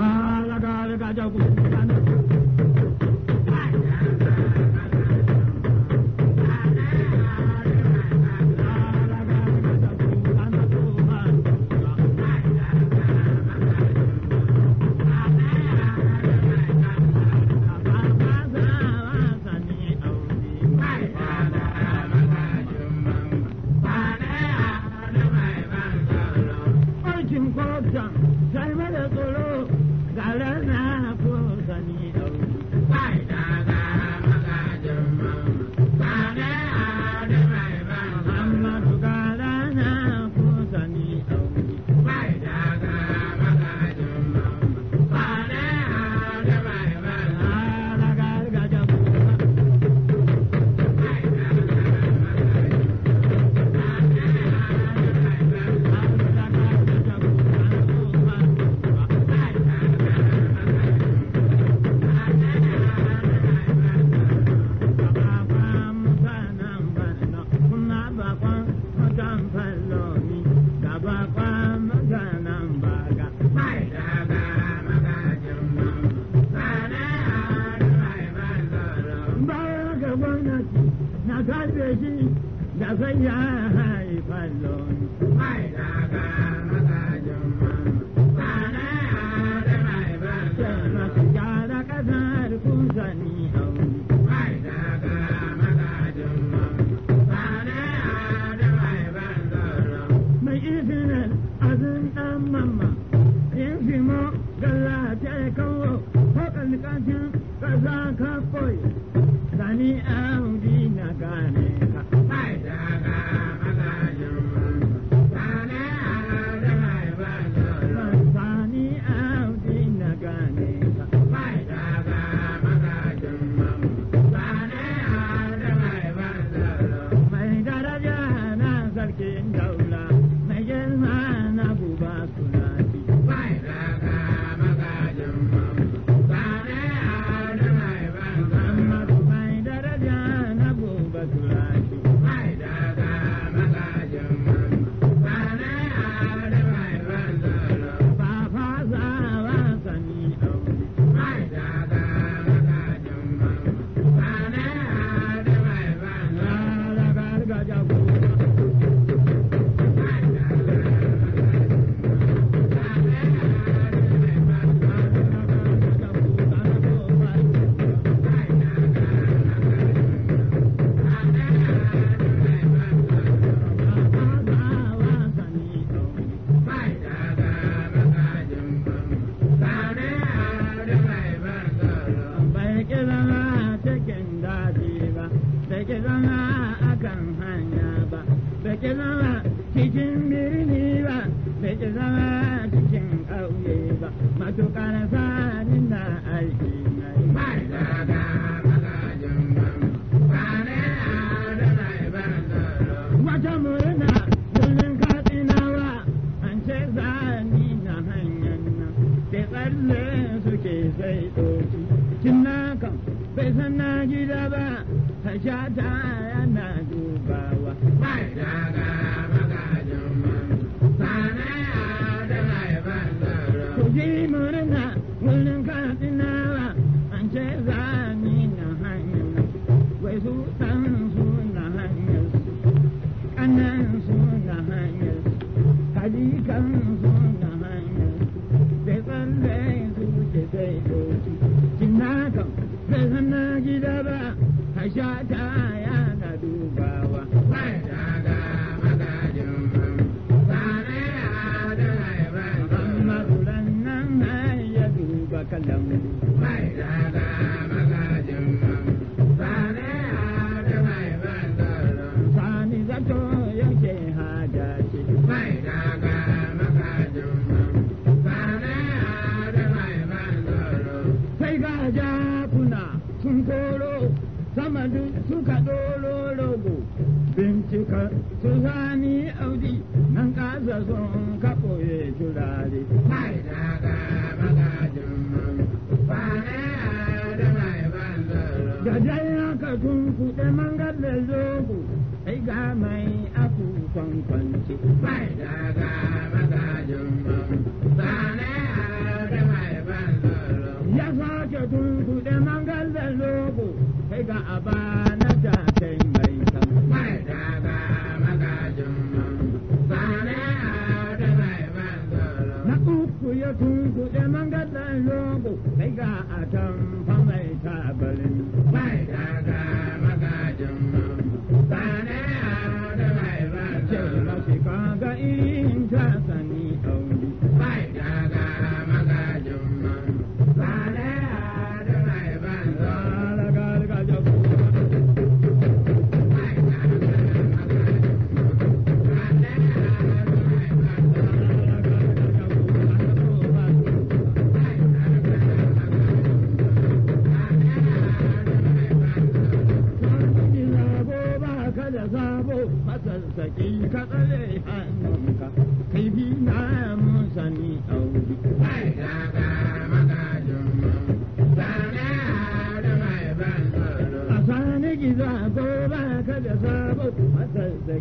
Allah ga ga sai ya haifar lon. Mai daga magajin ma. ki zama cikin ƙauye ba matuƙar sanin na aiki mai mai ne a da murna katsinawa an ce zani na hanyar na. sai tsalle suke sai ɗoki bai san na gida ba ta sha ta yana dubawa mai daga ka janya ka tunkuɗe mangar da zoku ai ga mai aku kwankwanci bai daga magajin sane da mai ban ya sake tunkuɗe mangar da zoku ai ga abar الإله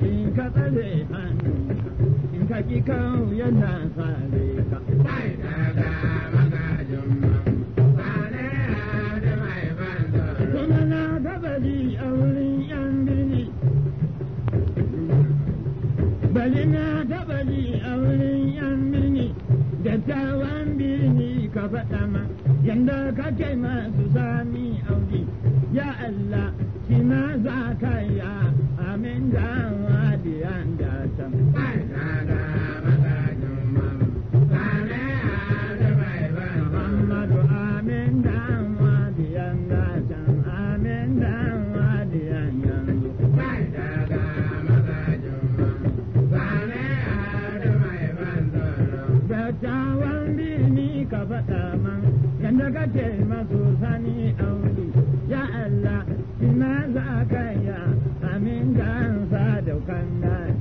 sarki ka tsare hannu in ka ki kawo yana sare ka. Sai da da magajin sare da mai banza. Kuma na dabari a wurin yan birni. bali na dabari a wurin yan birni. Dattawan birni ka faɗa ma yanda ka kai masu sami auri. Ya Allah, shi ma za ka yi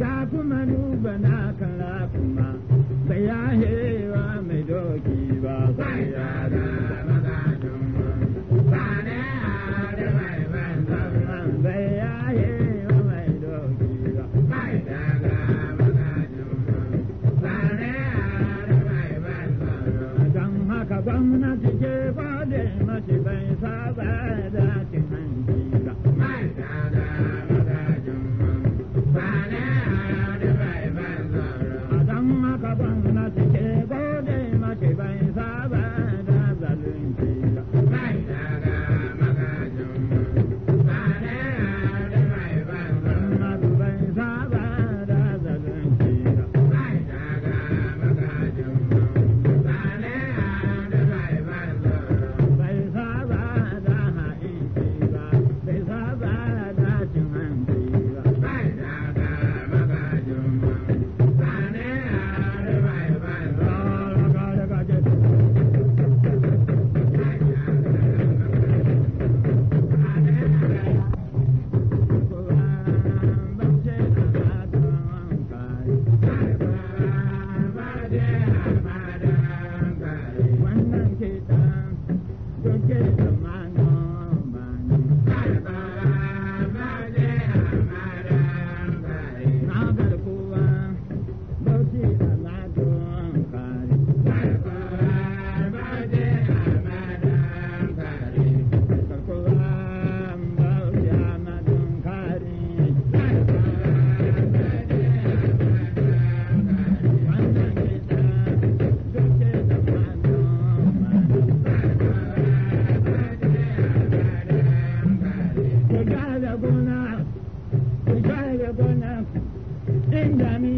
ya kuma nuba na kan rakuma, bai yahe আমি